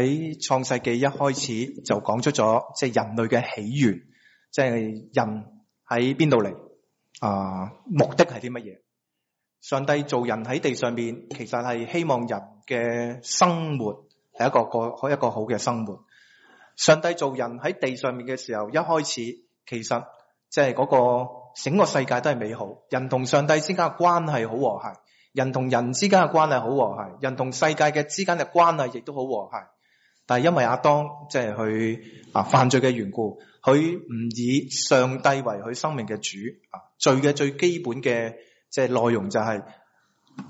喺創世紀一開始就講出咗，即係人類嘅起源，即係人喺邊度嚟啊？目的係啲乜嘢？上帝做人喺地上面，其實係希望人嘅生活係一個個可一個好嘅生活。上帝做人喺地上面嘅時候，一開始其實即係嗰個整個世界都係美好，人同上帝之間嘅關係好和諧，人同人之間嘅關係好和諧，人同世界嘅之間嘅關係亦都好和諧。但係因為阿當即係佢啊犯罪嘅緣故，佢唔以上帝為佢生命嘅主啊，罪嘅最基本嘅即係內容就係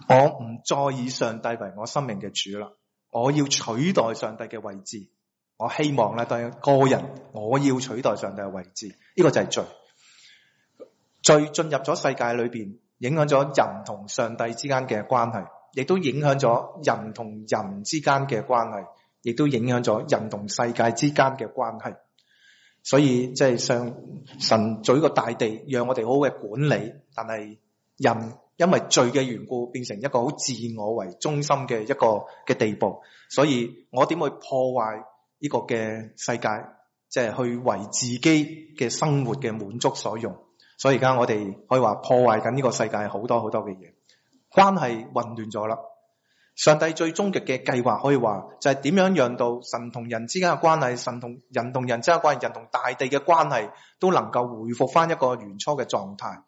我唔再以上帝為我生命嘅主啦，我要取代上帝嘅位置，我希望咧，但個對個人我要取代上帝嘅位置，呢、這個就係罪，罪進入咗世界裏邊，影響咗人同上帝之間嘅關係，亦都影響咗人同人之間嘅關係。亦都影響咗人同世界之間嘅關係，所以即係上神做一個大地，讓我哋好好嘅管理。但係人因為罪嘅緣故，變成一個好自我為中心嘅一個嘅地步。所以，我點會破壞呢個嘅世界？即係去為自己嘅生活嘅滿足所用。所以而家我哋可以話破壞緊呢個世界好多好多嘅嘢，關係混亂咗啦。上帝最終極嘅計劃可以話就係點樣讓到神同人之間嘅關係、神同人同人之間嘅關係、人同大地嘅關係都能夠恢復翻一個原初嘅狀態。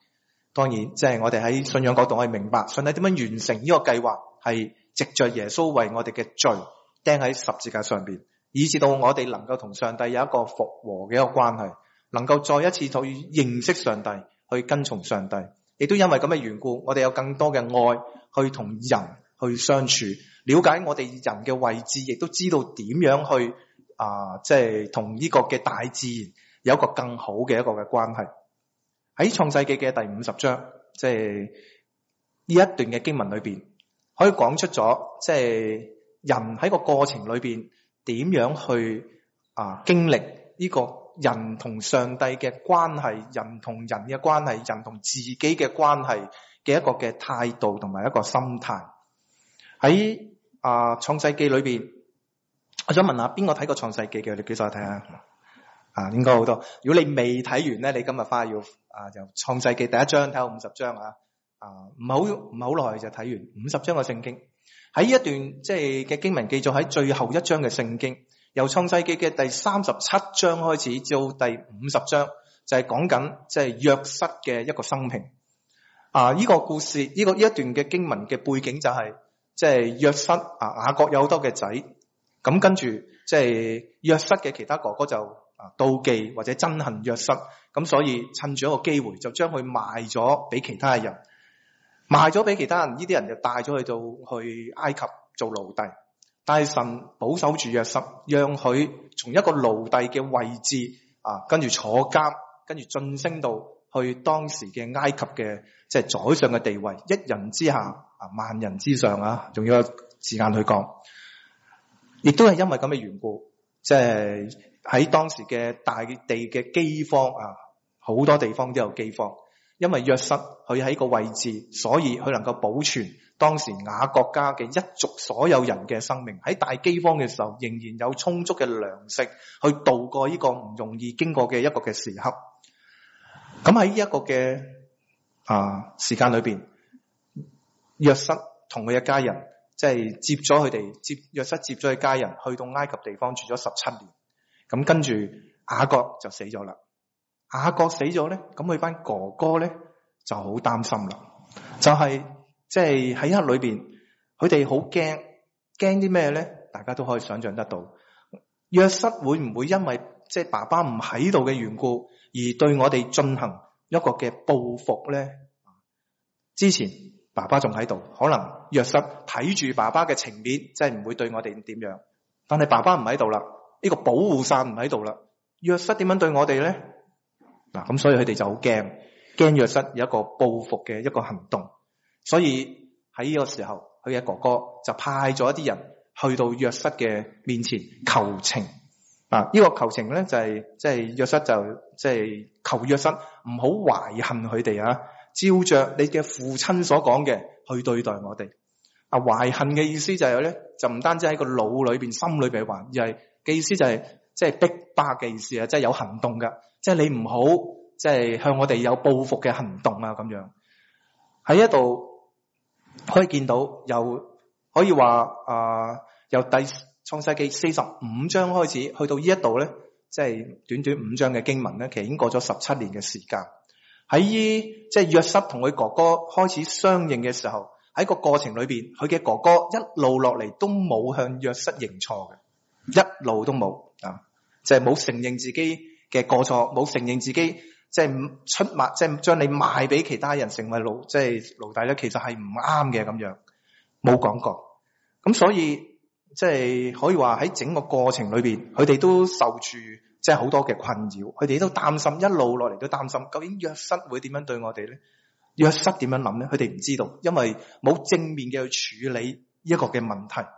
當然即係我哋喺信仰角度可以明白，上帝點樣完成呢個計劃係藉着耶穌為我哋嘅罪釘喺十字架上邊，以至到我哋能夠同上帝有一個復和嘅一個關係，能夠再一次去認識上帝，去跟從上帝。亦都因為咁嘅緣故，我哋有更多嘅愛去同人。去相處，了解我哋人嘅位置，亦都知道點樣去啊，即係同呢個嘅大自然有一個更好嘅一個嘅關係。喺創世記嘅第五十章，即係呢一段嘅經文裏邊，可以講出咗即係人喺個過程裏邊點樣去啊，經歷呢個人同上帝嘅關係，人同人嘅關係，人同自己嘅關係嘅一個嘅態度同埋一個心態。喺啊《創世記》裏邊，我想問下邊個睇過《創世記》嘅？你晒我睇下，啊，應該好多。如果你未睇完咧，你今日翻去要啊，由《創世記》第一章睇到五十章啊，啊，唔好唔好耐就睇完五十章嘅聖經。喺呢一段即係嘅經文，記載喺最後一章嘅聖經，由《創世記》嘅第三十七章開始至到第五十章，就係講緊即係約瑟嘅一個生平。啊，呢、這個故事，呢、這個呢一段嘅經文嘅背景就係、是。即係約瑟啊，雅各有好多嘅仔，咁跟住即係約瑟嘅其他哥哥就妒忌或者憎恨約瑟，咁所以趁住一個機會就將佢賣咗俾其他嘅人，賣咗俾其他人，呢啲人，人就帶咗去到去埃及做奴隸，但係神保守住約瑟，讓佢從一個奴隸嘅位置啊，跟住坐監，跟住晉升到。去當時嘅埃及嘅即係宰相嘅地位，一人之下啊，萬人之上啊，仲要有時間去講。亦都係因為咁嘅緣故，即係喺當時嘅大地嘅饑荒啊，好多地方都有饑荒。因為約瑟佢喺個位置，所以佢能夠保存當時雅國家嘅一族所有人嘅生命。喺大饑荒嘅時候，仍然有充足嘅糧食去度過呢個唔容易經過嘅一個嘅時刻。咁喺呢一個嘅啊時間裏邊，約瑟同佢一家人即係、就是、接咗佢哋，接約瑟接咗佢家人去到埃及地方住咗十七年。咁跟住雅各就死咗啦。雅各死咗咧，咁佢班哥哥咧就好擔心啦。就係即係喺一刻裏邊，佢哋好驚驚啲咩咧？大家都可以想象得到，約瑟會唔會因為？即係爸爸唔喺度嘅緣故，而對我哋進行一個嘅報復咧。之前爸爸仲喺度，可能約瑟睇住爸爸嘅情面，即係唔會對我哋點樣。但係爸爸唔喺度啦，呢、這個保護傘唔喺度啦，約瑟點樣對我哋咧？嗱，咁所以佢哋就好驚，驚約瑟有一個報復嘅一個行動。所以喺呢個時候，佢嘅哥哥就派咗一啲人去到約瑟嘅面前求情。啊！呢個求情咧就係即係約瑟就即係求約瑟，唔好懷恨佢哋啊！照着你嘅父親所講嘅去對待我哋。啊，懷恨嘅意思就係、是、咧，就唔單止喺個腦裏邊、心裏邊懷，而係嘅意思就係即係逼迫嘅意思啊！即、就、係、是、有行動噶，即、就、係、是、你唔好即係向我哋有報復嘅行動啊！咁樣喺一度可以見到，又可以話啊，由、呃、第。創世紀四十五章開始，去到呢一度咧，即係短短五章嘅經文咧，其實已經過咗十七年嘅時間。喺呢即係約瑟同佢哥哥開始相認嘅時候，喺個過程裏邊，佢嘅哥哥一路落嚟都冇向約瑟認錯嘅，一路都冇啊，就係冇承認自己嘅過錯，冇承認自己即係出賣，即係將你賣俾其他人成為奴，即係奴隸咧，其實係唔啱嘅咁樣，冇講過。咁所以。即係可以話喺整個過程裏邊，佢哋都受住即係好多嘅困擾，佢哋都擔心，一路落嚟都擔心究竟約瑟會點樣對我哋咧？約瑟點樣諗咧？佢哋唔知道，因為冇正面嘅去處理呢一個嘅問題，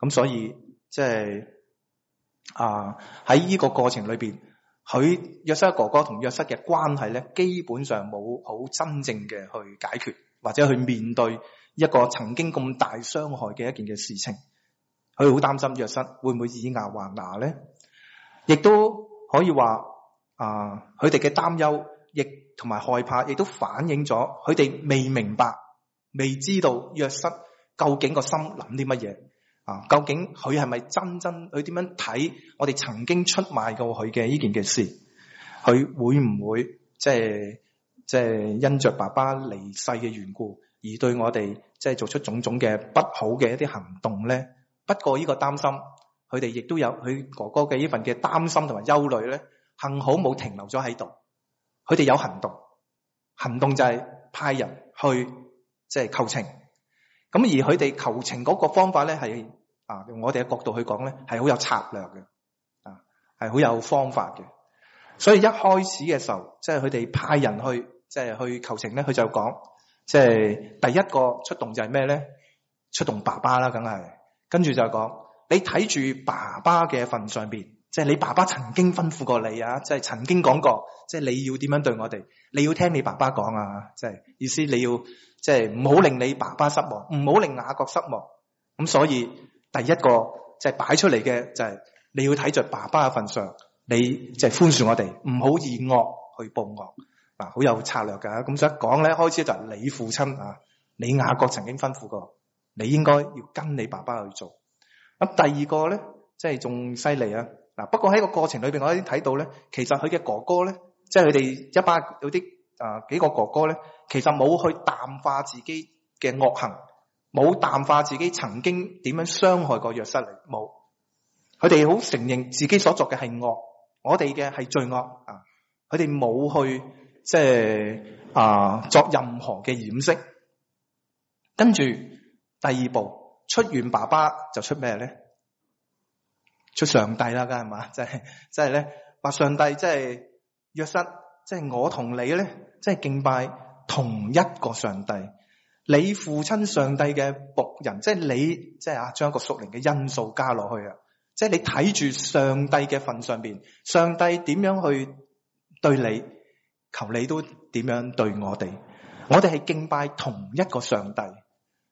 咁所以即係啊喺呢個過程裏邊，佢約瑟哥哥同約瑟嘅關係咧，基本上冇好真正嘅去解決或者去面對一個曾經咁大傷害嘅一件嘅事情。佢好擔心約瑟會唔會以牙還牙咧？亦都可以話啊，佢哋嘅擔憂亦同埋害怕，亦都反映咗佢哋未明白、未知道約瑟究竟個心諗啲乜嘢啊？究竟佢係咪真真？佢點樣睇我哋曾經出賣過佢嘅呢件嘅事？佢會唔會即係即係因着爸爸離世嘅緣故，而對我哋即係做出種種嘅不好嘅一啲行動咧？不過呢個擔心，佢哋亦都有佢哥哥嘅呢份嘅擔心同埋憂慮咧。幸好冇停留咗喺度，佢哋有行動，行動就係派人去即係求情。咁而佢哋求情嗰個方法咧，係啊用我哋嘅角度去講咧，係好有策略嘅，啊係好有方法嘅。所以一開始嘅時候，即係佢哋派人去即係去求情咧，佢就講，即係第一個出動就係咩咧？出動爸爸啦，梗係。跟住就講，你睇住爸爸嘅份上邊，即係你爸爸曾經吩咐過你啊，即係曾經講過，即係你要點樣對我哋，你要聽你爸爸講啊，即係意思你要即係唔好令你爸爸失望，唔好令雅各失望。咁所以第一個即係擺出嚟嘅就係你要睇住爸爸嘅份上，你即係寬恕我哋，唔好以惡去報惡。嗱，好有策略嘅。咁所以講咧，開始就係你父親啊，你雅各曾經吩咐過。你應該要跟你爸爸去做。咁第二個咧，即係仲犀利啊！嗱，不過喺個過程裏邊，我已經睇到咧，其實佢嘅哥哥咧，即係佢哋一班有啲啊幾個哥哥咧，其實冇去淡化自己嘅惡行，冇淡化自己曾經點樣傷害過約瑟。冇，佢哋好承認自己所作嘅係惡，我哋嘅係罪惡啊！佢哋冇去即係、就是、啊作任何嘅掩飾，跟住。第二步出完爸爸就出咩咧？出上帝啦，梗係嘛？即係即係咧，話上帝即係約瑟，即係我同你咧，即係敬拜同一個上帝。你父親上帝嘅僕人，即係你，即係啊，將個屬靈嘅因素加落去啊！即係你睇住上帝嘅份上邊，上帝點樣去對你，求你都點樣對我哋。我哋係敬拜同一個上帝。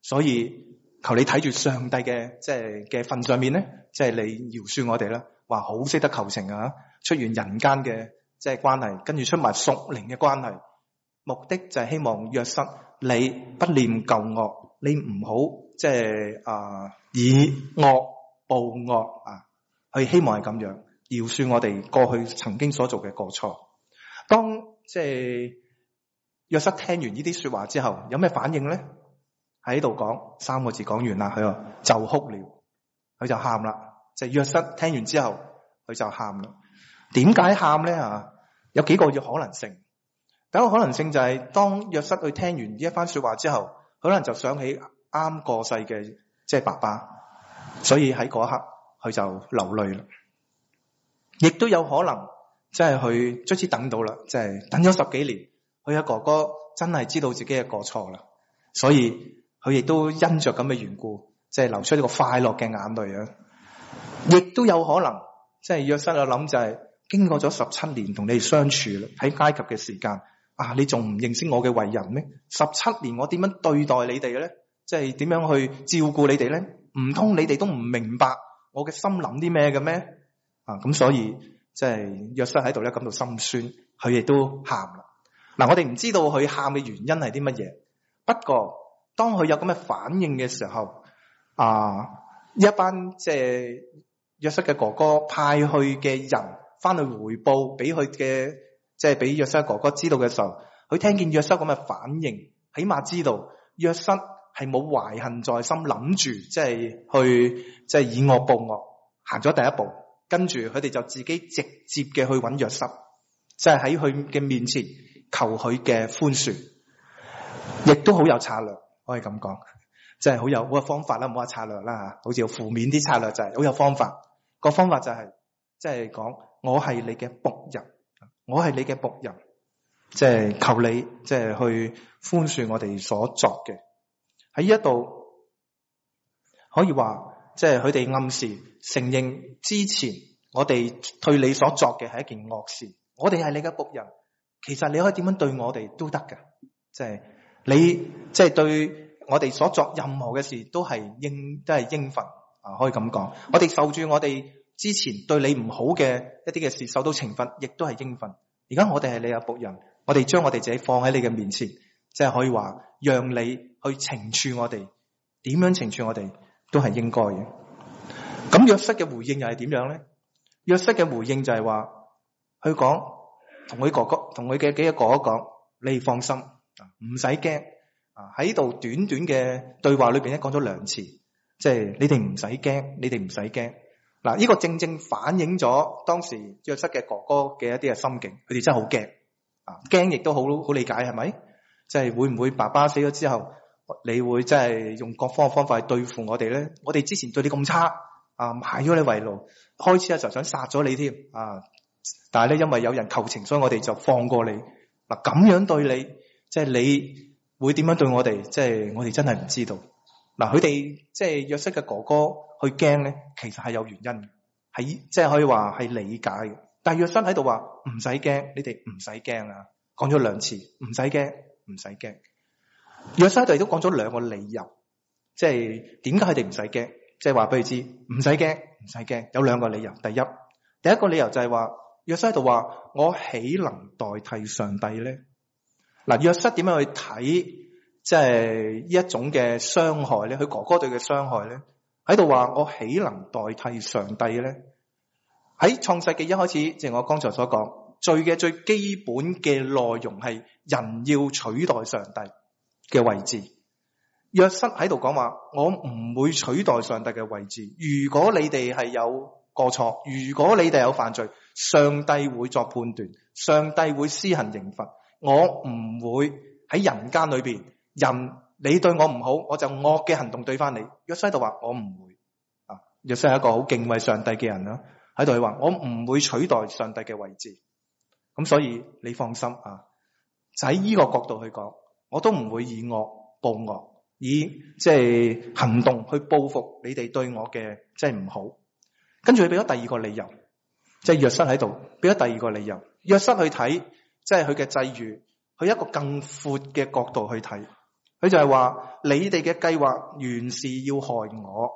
所以求你睇住上帝嘅即係嘅份上面咧，即係你饒恕我哋啦，話好識得求情啊，出完人間嘅即係關係，跟住出埋屬靈嘅關係，目的就係希望約瑟你不念舊惡，你唔好即係啊以惡報惡啊，佢希望係咁樣饒恕我哋過去曾經所做嘅過錯。當即係約瑟聽完呢啲說話之後，有咩反應咧？喺度講三個字講完啦，佢就哭了，佢就喊啦。即係約瑟聽完之後，佢就喊啦。點解喊咧？啊，有幾個可能性。第一個可能性就係，當約瑟去聽完呢一番說話之後，可能就想起啱過世嘅即係爸爸，所以喺嗰一刻佢就流淚啦。亦都有可能即係佢卒之等到啦，即係等咗十幾年，佢阿哥哥真係知道自己嘅過錯啦，所以。佢亦都因着咁嘅緣故，即係流出呢個快樂嘅眼淚啊！亦都有可能，即係約瑟喺度諗，就係經過咗十七年同你哋相處喺埃及嘅時間啊，你仲唔認識我嘅為人咩？十七年我點樣對待你哋嘅咧？即係點樣去照顧你哋咧？唔通你哋都唔明白我嘅心諗啲咩嘅咩？啊，咁所以即係約瑟喺度咧感到心酸，佢亦都喊啦。嗱，啊，我哋唔知道佢喊嘅原因係啲乜嘢，不過，當佢有咁嘅反應嘅時候，啊，一班即係約瑟嘅哥哥派去嘅人翻去回報給他的，俾佢嘅即係俾約瑟哥哥知道嘅時候，佢聽見約瑟咁嘅反應，起碼知道約瑟係冇懷恨在心，諗住即係去即係、就是、以惡報惡，行咗第一步，跟住佢哋就自己直接嘅去揾約瑟，即係喺佢嘅面前求佢嘅寬恕，亦都好有策略。可以咁講，即係好有好嘅方法啦，冇話策略啦好似負面啲策略就係好有方法。個方法就係、是，即係講我係你嘅僕人，我係你嘅僕人，即、就、係、是、求你即係、就是、去寬恕我哋所作嘅。喺呢一度可以話，即係佢哋暗示承認之前我哋對你所作嘅係一件惡事。我哋係你嘅僕人，其實你可以點樣對我哋都得㗎。即係。你即係、就是、對我哋所作任何嘅事都係應都係應份啊，可以咁講。我哋受住我哋之前對你唔好嘅一啲嘅事，受到懲罰亦都係應份。而家我哋係你阿僕人，我哋將我哋自己放喺你嘅面前，即、就、係、是、可以話，讓你去懲處我哋，點樣懲處我哋都係應該嘅。咁約瑟嘅回應又係點樣咧？約瑟嘅回應就係話，去講同佢哥哥，同佢嘅幾個哥哥講，你放心。唔使驚，喺度短短嘅對話裏邊咧，講咗兩次，即係你哋唔使驚，你哋唔使驚。嗱，呢個正正反映咗當時約瑟嘅哥哥嘅一啲嘅心境，佢哋真係好驚，驚亦都好好理解，係咪？即係會唔會爸爸死咗之後，你會即係用各方嘅方法去對付我哋咧？我哋之前對你咁差，啊，賣咗你為奴，開始就想殺咗你添，啊，但係咧因為有人求情，所以我哋就放過你。嗱，咁樣對你。即係你會點樣對我哋？即係我哋真係唔知道。嗱，佢哋即係約瑟嘅哥哥，去驚咧，其實係有原因嘅，係即係可以話係理解嘅。但係約瑟喺度話唔使驚，你哋唔使驚啊！講咗兩次唔使驚，唔使驚。約瑟喺度亦都講咗兩個理由，即係點解佢哋唔使驚？即係話俾佢知，唔使驚，唔使驚。有兩個理由，第一，第一個理由就係話約瑟喺度話：我豈能代替上帝咧？嗱，約瑟點樣去睇，即係一種嘅傷害咧？佢哥哥對嘅傷害咧，喺度話我豈能代替上帝咧？喺創世紀一開始，正如我剛才所講，罪嘅最基本嘅內容係人要取代上帝嘅位置。約瑟喺度講話，我唔會取代上帝嘅位置。如果你哋係有過錯，如果你哋有犯罪，上帝會作判斷，上帝會施行刑罰。我唔會喺人間裏邊，人你對我唔好，我就惡嘅行動對翻你。約瑟喺度話我唔會啊，約瑟係一個好敬畏上帝嘅人啦，喺度佢話我唔會取代上帝嘅位置。咁所以你放心啊，就喺呢個角度去講，我都唔會以惡報惡，以即係、就是、行動去報復你哋對我嘅即係唔好。跟住佢俾咗第二個理由，即、就、係、是、約瑟喺度俾咗第二個理由，約瑟去睇。即係佢嘅際遇，去一個更闊嘅角度去睇，佢就係話你哋嘅計劃原是要害我，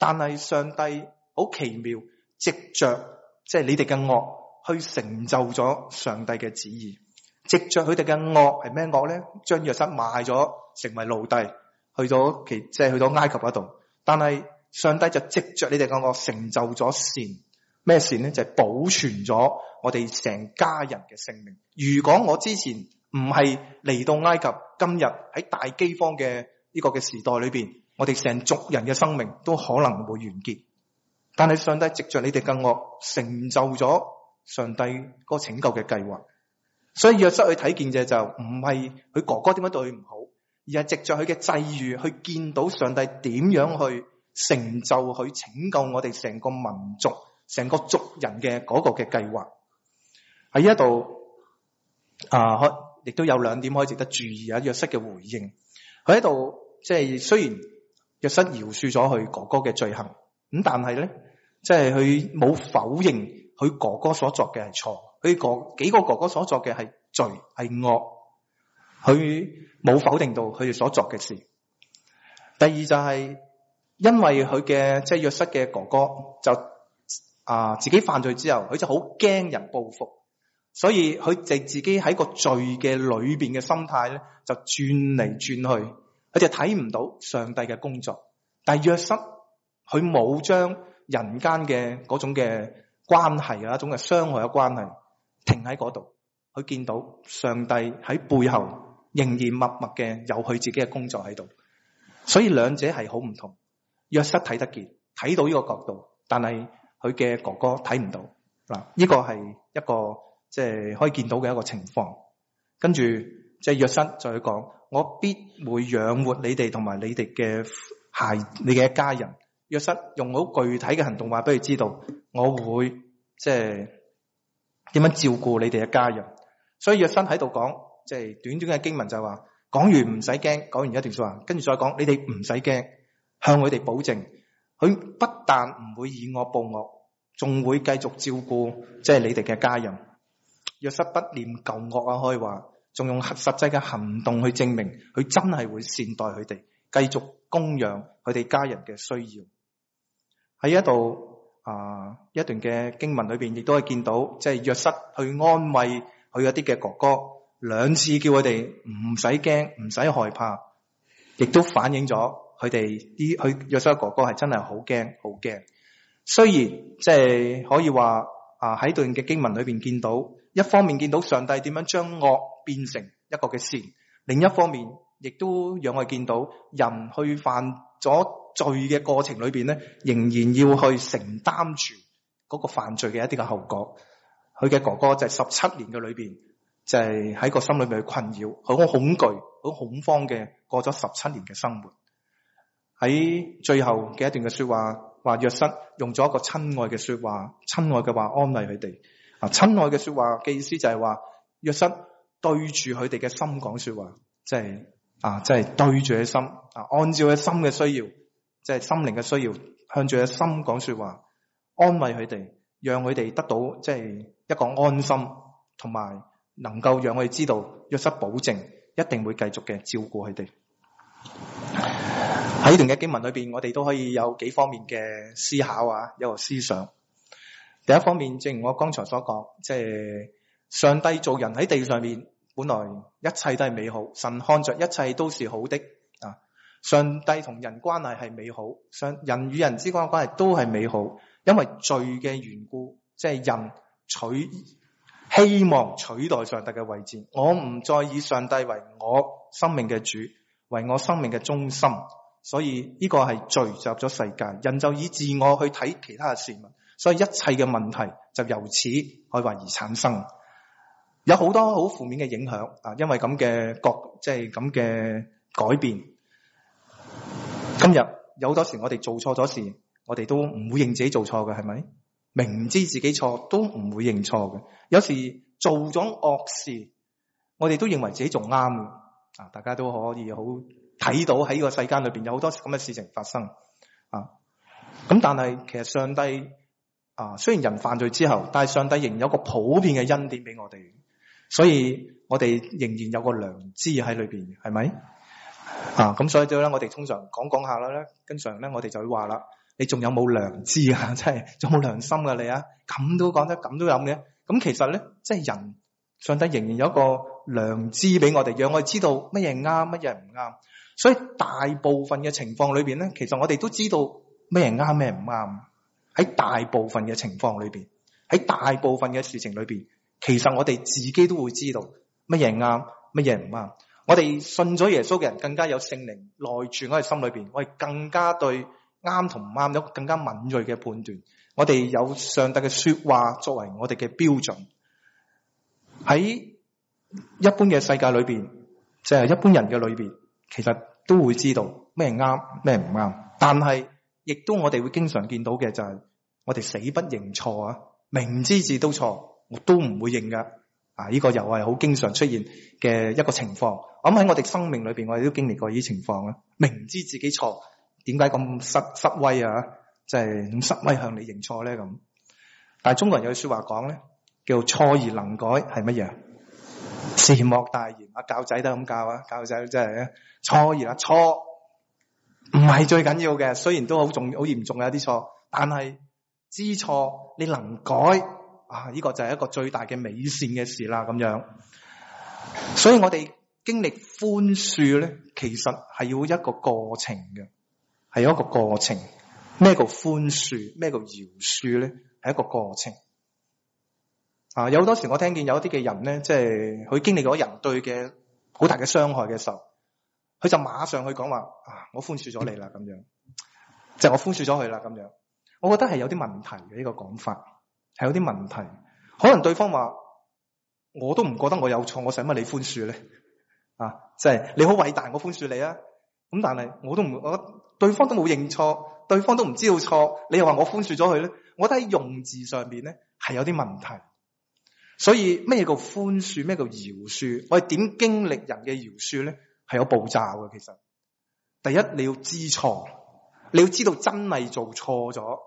但係上帝好奇妙，藉着即係、就是、你哋嘅惡去成就咗上帝嘅旨意，藉着佢哋嘅惡係咩惡咧？將約瑟賣咗，成為奴隸，去咗其即係、就是、去咗埃及嗰度，但係上帝就藉着你哋嘅惡成就咗善。咩事咧？就係保存咗我哋成家人嘅性命。如果我之前唔係嚟到埃及，今日喺大饑荒嘅呢個嘅時代裏邊，我哋成族人嘅生命都可能會完結。但係上帝藉着你哋嘅惡成就咗上帝個拯救嘅計劃，所以約瑟去睇見嘅就唔係佢哥哥點解對佢唔好，而係藉着佢嘅際遇去見到上帝點樣去成就佢拯救我哋成個民族。成個族人嘅嗰個嘅計劃喺呢一度啊，亦都有兩點可以值得注意啊。約瑟嘅回應，佢喺度即係雖然約瑟饒恕咗佢哥哥嘅罪行，咁但係咧，即係佢冇否認佢哥哥所作嘅係錯，佢哥幾個哥哥所作嘅係罪係惡，佢冇否定到佢哋所作嘅事。第二就係因為佢嘅即係約瑟嘅哥哥就。啊！自己犯罪之後，佢就好驚人報復，所以佢就自己喺個罪嘅裏邊嘅心態咧，就轉嚟轉去，佢就睇唔到上帝嘅工作。但係約瑟，佢冇將人間嘅嗰種嘅關係啊，一種嘅傷害嘅關係停喺嗰度，佢見到上帝喺背後仍然默默嘅有佢自己嘅工作喺度，所以兩者係好唔同。約瑟睇得見，睇到呢個角度，但係。佢嘅哥哥睇唔到嗱，呢個係一個即係可以見到嘅一個情況。跟住即係約瑟，再去講，我必會養活你哋同埋你哋嘅孩，你嘅一家人。約瑟用好具體嘅行動話俾佢知道，我會即係點樣照顧你哋一家人。所以約瑟喺度講，即係短短嘅經文就話，講完唔使驚，講完一段說話，跟住再講，你哋唔使驚，向佢哋保證。佢不但唔會以惡報惡，仲會繼續照顧即係你哋嘅家人。約瑟不念舊惡啊，可以話，仲用實際嘅行動去證明佢真係會善待佢哋，繼續供養佢哋家人嘅需要。喺一度啊一段嘅、啊、經文裏邊，亦都係見到即係約瑟去安慰佢一啲嘅哥哥，兩次叫佢哋唔使驚，唔使害怕，亦都反映咗。佢哋啲佢約瑟哥哥係真係好驚好驚，雖然即係、就是、可以話啊喺段嘅經文裏邊見到，一方面見到上帝點樣將惡變成一個嘅善，另一方面亦都讓我哋見到人去犯咗罪嘅過程裏邊咧，仍然要去承擔住嗰個犯罪嘅一啲嘅後果。佢嘅哥哥就係十七年嘅裏邊，就係喺個心裏面去困擾，好恐懼，好恐慌嘅過咗十七年嘅生活。喺最後嘅一段嘅說話，話約瑟用咗一個親愛嘅說話，親愛嘅話安慰佢哋啊，親愛嘅說話嘅意思就係話約瑟對住佢哋嘅心講說話，即係啊，即係對住佢心啊，按照佢心嘅需要，即係心靈嘅需要，向住佢心講說話，安慰佢哋，讓佢哋得到即係一個安心，同埋能夠讓佢哋知道約瑟保證一定會繼續嘅照顧佢哋。喺呢段嘅經文裏邊，我哋都可以有幾方面嘅思考啊，有個思想。第一方面，正如我剛才所講，即係上帝做人喺地上面，本來一切都係美好，神看着一切都是好的啊。上帝同人關係係美好，上人與人之間嘅關係，都係美好，因為罪嘅緣故，即係人取希望取代上帝嘅位置，我唔再以上帝為我生命嘅主，為我生命嘅中心。所以呢個係罪就入咗世界，人就以自我去睇其他嘅事物，所以一切嘅問題就由此可以話而產生，有好多好負面嘅影響啊！因為咁嘅國即係咁嘅改變，今日有好多時我哋做錯咗事，我哋都唔會認自己做錯嘅，係咪？明知自己錯都唔會認錯嘅，有時做咗惡事，我哋都認為自己仲啱嘅啊！大家都可以好。睇到喺呢個世間裏邊有好多咁嘅事情發生啊！咁但係其實上帝啊，雖然人犯罪之後，但係上帝仍然有一個普遍嘅恩典俾我哋，所以我哋仍然有一個良知喺裏邊，係咪啊？咁所以咧，我哋通常講講下啦咧，跟住咧我哋就會話啦：你仲有冇良知啊？真係仲有冇良心噶你啊？咁都講得咁都有嘅。咁其實咧，即係人上帝仍然有一個良知俾我哋，讓我哋知道乜嘢啱，乜嘢唔啱。所以大部分嘅情況裏邊咧，其實我哋都知道咩嘢啱，咩嘢唔啱。喺大部分嘅情況裏邊，喺大部分嘅事情裏邊，其實我哋自己都會知道乜嘢啱，乜嘢唔啱。我哋信咗耶穌嘅人更加有聖靈內住我哋心裏邊，我哋更加對啱同唔啱有更加敏銳嘅判斷。我哋有上帝嘅說話作為我哋嘅標準。喺一般嘅世界裏邊，即係一般人嘅裏邊，其實。都會知道咩啱咩唔啱，但係亦都我哋會經常見到嘅就係我哋死不認錯啊，明知字都錯，我都唔會認嘅啊！呢個又係好經常出現嘅一個情況。咁喺我哋生命裏邊，我哋都經歷過呢啲情況啊。明知自己錯，點解咁失失威啊？即係咁失威向你認錯咧咁？但係中國人有句說話講咧，叫做錯而能改係乜嘢？善莫大言，阿教仔都咁教啊，教仔真係啊，錯而啦錯，唔係最緊要嘅，雖然都好重好嚴重有啲錯，但係知錯你能改啊，呢個就係一個最大嘅美善嘅事啦，咁樣。所以我哋經歷寬恕咧，其實係要一個過程嘅，係有一個過程。咩叫寬恕？咩叫饒恕咧？係一個過程。啊，有好多時我聽見有一啲嘅人咧，即係佢經歷過人對嘅好大嘅傷害嘅時候，佢就馬上去講話，啊，我寬恕咗你啦，咁樣，就我寬恕咗佢啦，咁樣。我覺得係有啲問題嘅呢個講法，係有啲問題。可能對方話，我都唔覺得我有錯，我使乜你寬恕咧？啊，即係你好偉大，我寬恕你啊！咁但係我都唔，我對方都冇認錯，對方都唔知道錯，你又話我寬恕咗佢咧？我覺得喺用字上面咧係有啲問題。所以咩叫寬恕？咩叫饒恕？我哋點經歷人嘅饒恕咧？係有步驟嘅。其實，第一你要知錯，你要知道真係做錯咗，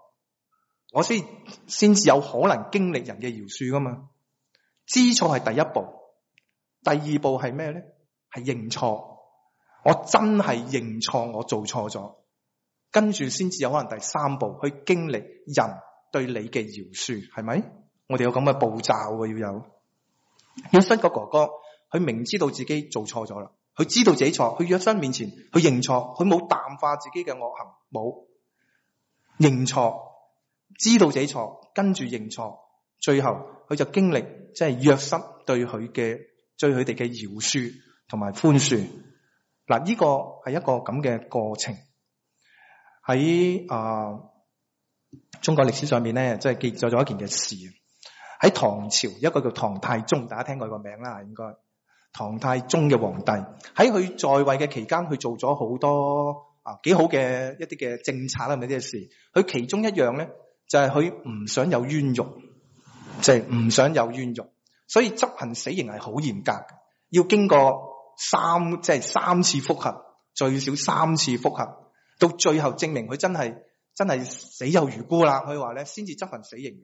我先先至有可能經歷人嘅饒恕噶嘛。知錯係第一步，第二步係咩咧？係認錯。我真係認錯，我做錯咗，跟住先至有可能第三步去經歷人對你嘅饒恕，係咪？我哋有咁嘅步驟嘅，要有。約瑟個哥哥，佢明知道自己做錯咗啦，佢知道自己錯，佢約瑟面前，佢認錯，佢冇淡化自己嘅惡行，冇認錯，知道自己錯，跟住認錯，最後佢就經歷即係約瑟對佢嘅對佢哋嘅饒恕同埋寬恕。嗱，呢個係一個咁嘅過程。喺啊、呃、中國歷史上面咧，即係記載咗一件嘅事。喺唐朝，一個叫唐太宗，大家聽過佢個名啦，應該唐太宗嘅皇帝喺佢在、在位嘅期間，佢做咗，啊、好多啊幾好嘅一啲嘅政策啦，咪呢啲事。佢其中一樣咧，就係佢唔想有冤獄，即係唔想有冤獄，所以執行死刑係好嚴格嘅，要經過三即係、就是、三次復核，最少三次復核，到最後證明佢真係真係死有餘辜啦。佢話咧，先至執行死刑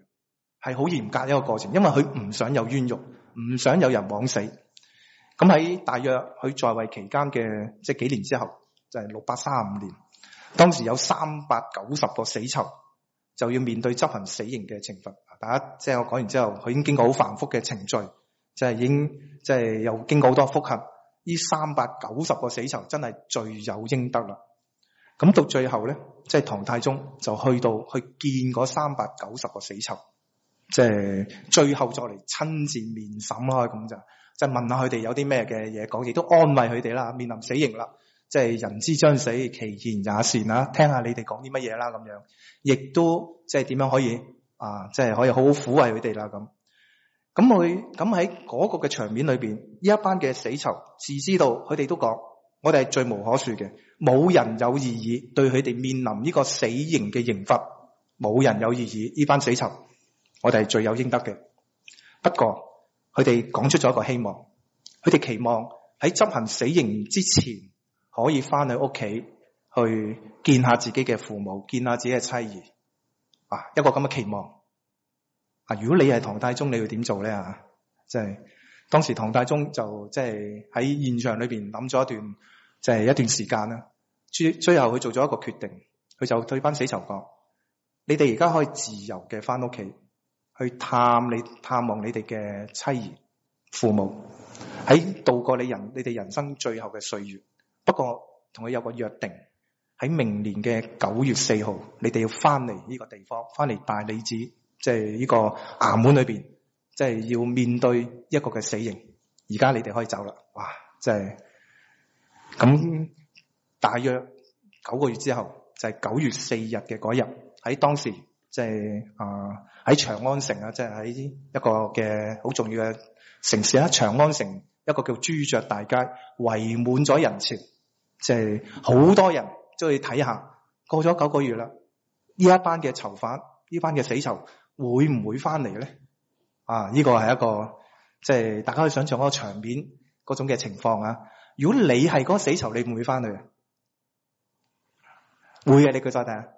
係好嚴格的一個過程，因為佢唔想有冤獄，唔想有人枉死。咁喺大約佢在位期間嘅即係幾年之後，就係六百三十五年。當時有三百九十個死囚就要面對執行死刑嘅懲罰。大家即係我講完之後，佢已經經過好繁複嘅程序，即係已經即係又經過好多複核。呢三百九十個死囚真係罪有應得啦。咁到最後咧，即係唐太宗就去到去見嗰三百九十個死囚。即係、就是、最後再嚟親自面審咯，咁就就是、問下佢哋有啲咩嘅嘢講，亦都安慰佢哋啦。面臨死刑啦，即、就、係、是、人之將死，其言也善啦，聽下你哋講啲乜嘢啦，咁樣亦都即係點樣可以啊？即、就、係、是、可以好好撫慰佢哋啦。咁咁佢咁喺嗰個嘅場面裏邊，呢一班嘅死囚，自知道佢哋都講，我哋係罪無可恕嘅，冇人有異議對佢哋面臨呢個死刑嘅刑罰，冇人有異議，呢班死囚，我哋係罪有應得嘅。不過佢哋講出咗一個希望，佢哋期望喺執行死刑之前可以翻去屋企去見下自己嘅父母，見下自己嘅妻兒啊，一個咁嘅期望啊。如果你係唐太宗你怎，你會點做咧啊？即係當時唐太宗就即係喺現場裏邊諗咗一段，即係一段時間啦。最最後佢做咗一個決定，佢就對班死囚講：你哋而家可以自由嘅翻屋企。去探你探望你哋嘅妻兒父母，喺度過你人你哋人生最後嘅歲月。不過同佢有個約定，喺明年嘅九月四號，你哋要翻嚟呢個地方，翻嚟大理寺，即係呢個衙門裏邊，即係要面對一個嘅死刑。而家你哋可以走啦，哇！即係咁，那大約九個月之後，就係九月四日嘅嗰日，喺當時即係啊。就是呃喺長安城啊，即係喺一個嘅好重要嘅城市啊。長安城一個叫朱雀大街，圍滿咗人潮，即係好多人都去睇下。過咗九個月啦，呢一班嘅囚犯，呢班嘅死囚，會唔會翻嚟咧？啊，呢個係一個即係、就是、大家可以想象嗰個場面嗰種嘅情況啊。如果你係嗰個死囚，你不會唔會翻嚟啊？會啊，你舉再睇下。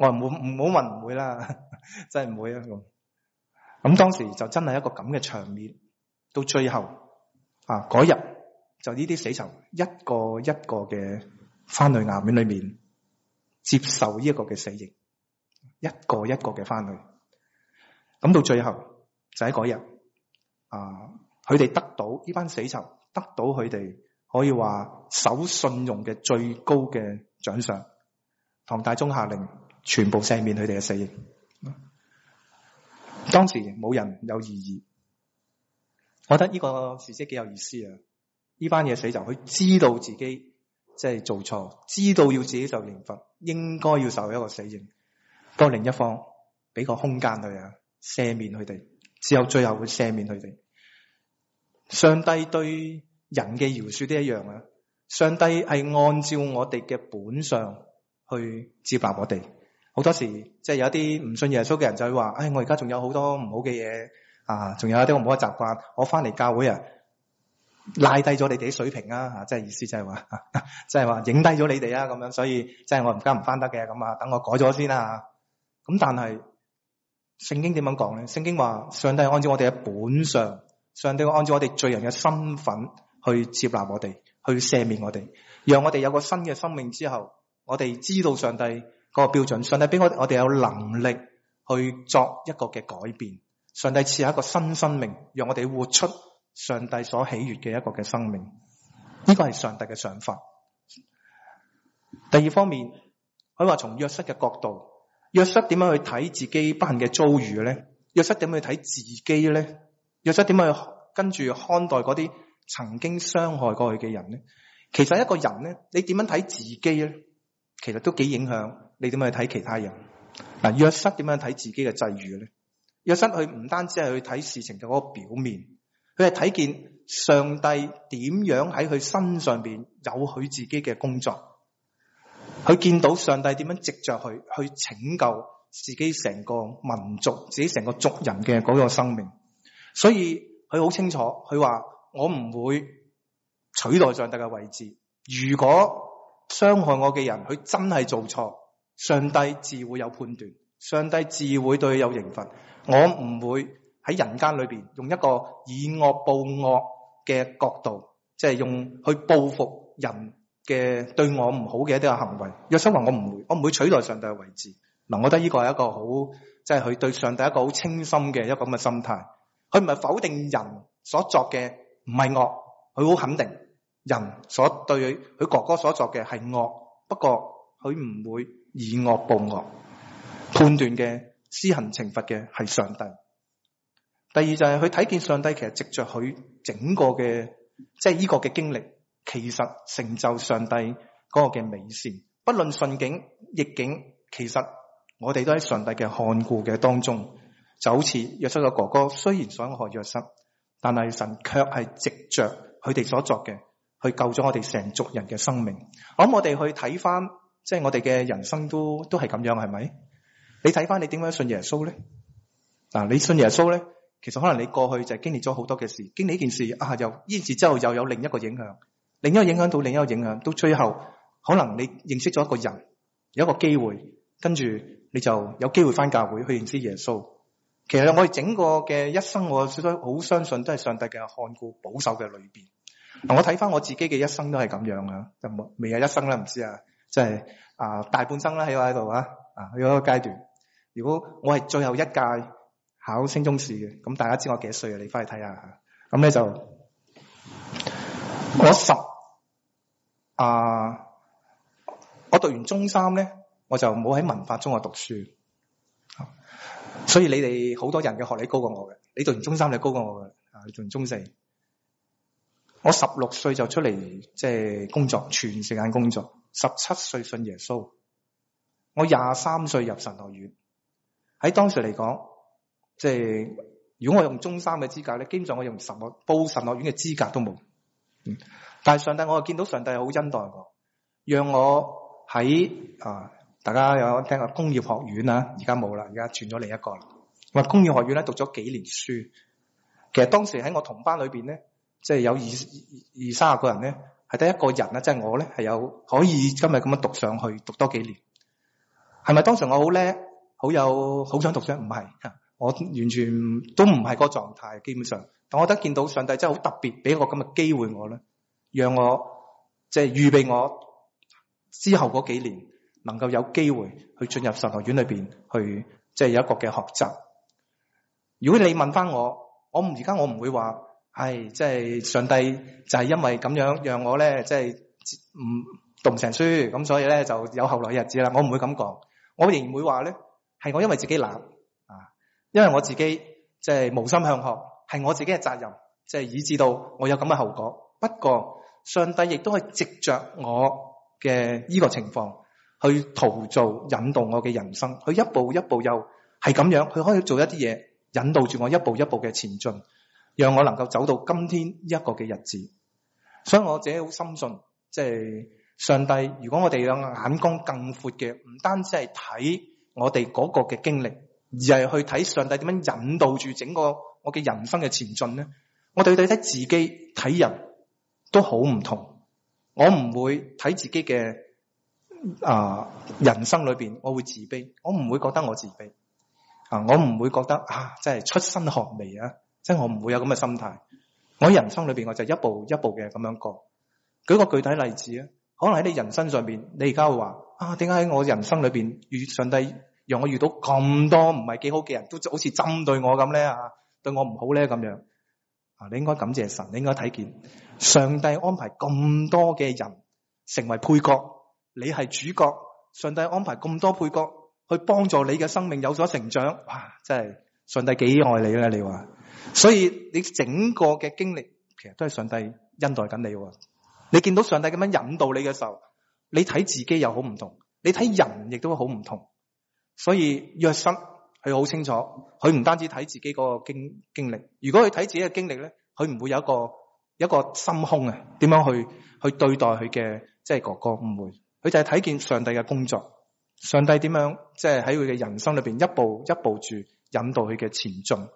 我話唔好唔好問，唔會啦，真係唔會啊！咁當時就真係一個咁嘅場面，到最後啊，嗰日就呢啲死囚一個一個嘅翻去衙門裏面接受呢一個嘅死刑，一個一個嘅翻去。咁到最後就喺嗰日啊，佢哋得到呢班死囚，得到佢哋可以話守信用嘅最高嘅獎賞。唐太宗下令，全部赦免佢哋嘅死刑，當時冇人有異議。我覺得呢個事蹟幾有意思啊！呢班嘢，死就佢知道自己即係做錯，知道要自己受刑罰，應該要受一個死刑。當另一方俾個空間佢啊，赦免佢哋，之後最後會赦免佢哋。上帝對人嘅饒恕都一樣啊！上帝係按照我哋嘅本相去接納我哋。好多時即係有一啲唔信耶穌嘅人就會話：唉、哎，我而家仲有好多唔好嘅嘢啊，仲有一啲我唔好嘅習慣，我翻嚟教會啊，拉低咗你哋啲水平啊，即係意思即係話，即係話影低咗你哋啊，咁、啊、樣、就是啊，所以即係我而家唔翻得嘅，咁啊，等、啊、我改咗先啦。咁、啊、但係聖經點樣講咧？聖經話上帝按照我哋嘅本相，上帝按照我哋罪人嘅身份去接納我哋，去赦免我哋，讓我哋有個新嘅生命之後，我哋知道上帝個標準，上帝俾我我哋有能力去作一個嘅改變。上帝賜下一個新生命，讓我哋活出上帝所喜悅嘅一個嘅生命。呢個係上帝嘅想法。第二方面，佢話從約瑟嘅角度，約瑟點樣去睇自己不幸嘅遭遇咧？約瑟點樣去睇自己咧？約瑟點樣去跟住看待嗰啲曾經傷害過去嘅人咧？其實一個人咧，你點樣睇自己咧，其實都幾影響。你點樣去睇其他人？嗱，約瑟點樣睇自己嘅際遇咧？約瑟佢唔單止係去睇事情嘅嗰個表面，佢係睇見上帝點樣喺佢身上邊有佢自己嘅工作，佢見到上帝點樣藉着，去去拯救自己成個民族、自己成個族人嘅嗰個生命。所以佢好清楚，佢話我唔會取代上帝嘅位置。如果傷害我嘅人，佢真係做錯。上帝自會有判斷，上帝自會對佢有刑罰。我唔會喺人間裏邊用一個以惡報惡嘅角度，即係用去報復人嘅對我唔好嘅一啲嘅行為。約瑟話：我唔會，我唔會取代上帝嘅位置。嗱，我覺得呢個係一個好，即係佢對上帝一個好清心嘅一個咁嘅心態。佢唔係否定人所作嘅唔係惡，佢好肯定人所對佢佢哥哥所作嘅係惡，不過佢唔會。以惡報惡，判斷嘅，施行懲罰嘅係上帝。第二就係佢睇見上帝其實藉着佢整個嘅即係呢個嘅經歷，其實成就上帝嗰個嘅美善。不論順境逆境，其實我哋都喺上帝嘅看顧嘅當中。就好似約瑟嘅哥哥，雖然想害約瑟，但係神卻係藉着佢哋所作嘅，去救咗我哋成族人嘅生命。咁我哋去睇翻。即係我哋嘅人生都都係咁樣，係咪？你睇翻你點解信耶穌咧？嗱，你信耶穌咧，其實可能你過去就經歷咗好多嘅事，經歷一件事啊，又呢件事之後又有另一個影響，另一個影響到另一個影響，到最後可能你認識咗一個人，有一個機會，跟住你就有機會翻教會去認識耶穌。其實我哋整個嘅一生，我好相信都係上帝嘅看顧保守嘅裏邊。嗱，我睇翻我自己嘅一生都係咁樣啊，就未有一生啦，唔知啊。即係啊，大半生啦，喺我喺度啊，啊，去咗一個階段。如果我係最後一屆考升中試嘅，咁大家知我幾歲啊？你返去睇下。咁咧就我十啊，我讀完中三咧，我就冇喺文化中學讀書。所以你哋好多人嘅學歷高過我嘅，你讀完中三就高過我嘅，啊，你讀完中四。我十六歲就出嚟即係工作，全時間工作。十七歲信耶穌，我廿三歲入神學院，喺當時嚟講，即係如果我用中三嘅資格咧，基本上我用神學報神學院嘅資格都冇。但係上帝，我又見到上帝好恩待我，讓我喺啊大家有聽個工業學院啊，而家冇啦，而家轉咗另一個。我工業學院咧讀咗幾年書，其實當時喺我同班裏邊咧，即係有二二二三十個人咧。係得一個人咧，即係我咧，係有可以今日咁樣讀上去，讀多幾年，係咪？當時我好叻，好有，好想讀上？唔係，我完全都唔係嗰個狀態，基本上。但我覺得見到上帝真係好特別，俾個咁嘅機會我咧，讓我即係預備我之後嗰幾年，能夠有機會去進入神學院裏邊去，即係有一個嘅學習。如果你問翻我，我唔而家我唔會話。係，即係、哎就是、上帝就係因為咁樣讓我咧，即係唔讀唔成書，咁所以咧就有後來日子啦。我唔會咁講，我仍然會話咧，係我因為自己懶啊，因為我自己即係無心向學，係我自己嘅責任，即、就、係、是、以致到我有咁嘅後果。不過上帝亦都係藉着我嘅呢個情況去陶造、引導我嘅人生，佢一步一步又係咁樣，佢可以做一啲嘢，引導住我一步一步嘅前進。讓我能夠走到今天一個嘅日子，所以我自己好深信，即係上帝。如果我哋嘅眼光更闊嘅，唔單止係睇我哋嗰個嘅經歷，而係去睇上帝點樣引導住整個我嘅人生嘅前進咧。我哋睇自己睇人都好唔同，我唔會睇自己嘅，啊人生裏邊我會自卑，我唔會覺得我自卑啊，我唔會覺得啊，即係出身寒微啊。即係我唔會有咁嘅心態，我人生裏邊我就一步一步嘅咁樣過。舉個具體例子啊，可能喺你人生上邊，你而家會話啊，點解喺我人生裏邊遇上帝讓我遇到咁多唔係幾好嘅人都好似針對我咁咧啊，對我唔好咧咁樣啊？你應該感謝神，你應該睇見上帝安排咁多嘅人成為配角，你係主角。上帝安排咁多配角去幫助你嘅生命有所成長，哇，真係上帝幾愛你咧，你話？所以你整個嘅經歷，其實都係上帝恩待緊你。你見到上帝咁樣引導你嘅時候，你睇自己又好唔同，你睇人亦都好唔同。所以約瑟佢好清楚，佢唔單止睇自己嗰個經經歷。如果佢睇自己嘅經歷咧，佢唔會有一個一個心胸啊？點樣去去對待佢嘅即係哥哥？唔會，佢就係睇見上帝嘅工作，上帝點樣即係喺佢嘅人生裏邊一步一步住引導佢嘅前進。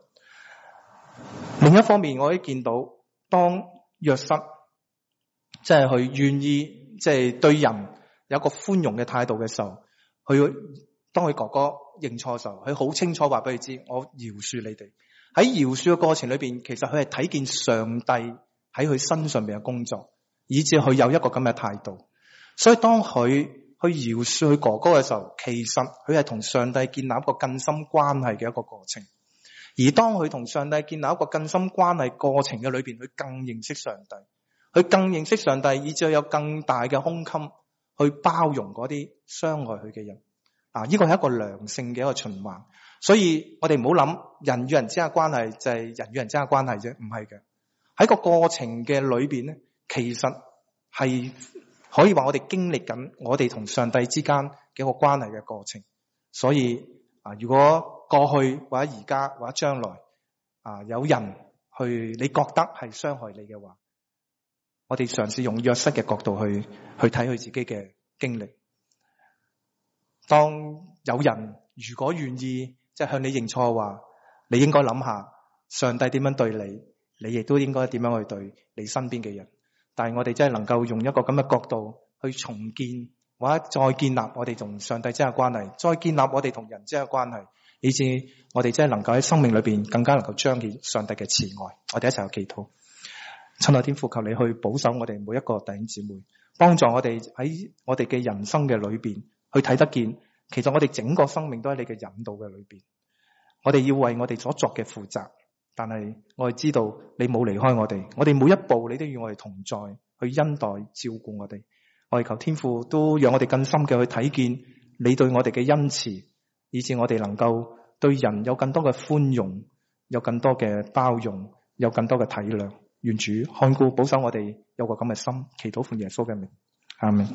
另一方面，我可以見到，當約瑟即係佢願意，即係對人有一個寬容嘅態度嘅時候，佢當佢哥哥認錯嘅時候，佢好清楚話俾佢知，我饒恕你哋。喺饒恕嘅過程裏邊，其實佢係睇見上帝喺佢身上邊嘅工作，以至佢有一個咁嘅態度。所以當佢去饒恕佢哥哥嘅時候，其實佢係同上帝建立一個更深關係嘅一個過程。而當佢同上帝建立一個更深關係過程嘅裏邊，佢更認識上帝，佢更認識上帝，以至有更大嘅胸襟去包容嗰啲傷害佢嘅人。啊，呢個係一個良性嘅一個循環。所以我哋唔好諗人與人之間關係就係人與人之間關係啫，唔係嘅。喺個過程嘅裏邊咧，其實係可以話我哋經歷緊我哋同上帝之間一個關係嘅過程。所以啊，如果過去或者而家或者將來啊，有人去你覺得係傷害你嘅話，我哋嘗試用約瑟嘅角度去去睇佢自己嘅經歷。當有人如果願意即係、就是、向你認錯嘅話，你應該諗下上帝點樣對你，你亦都應該點樣去對你身邊嘅人。但係我哋真係能夠用一個咁嘅角度去重建或者再建立我哋同上帝之間嘅關係，再建立我哋同人之間嘅關係。以至我哋真係能夠喺生命裏邊更加能夠彰顯上帝嘅慈愛，我哋一齊去祈禱。親愛的天父，求你去保守我哋每一個弟兄姊妹，幫助我哋喺我哋嘅人生嘅裏邊去睇得見，其實我哋整個生命都喺你嘅引導嘅裏邊。我哋要為我哋所作嘅負責，但係我哋知道你冇離開我哋，我哋每一步你都與我哋同在，去恩待照顧我哋。我哋求天父都讓我哋更深嘅去睇見你對我哋嘅恩慈。以致我哋能夠對人有更多嘅寬容，有更多嘅包容，有更多嘅體諒。願主看顧保守我哋有個咁嘅心，祈禱奉耶穌嘅名。阿門。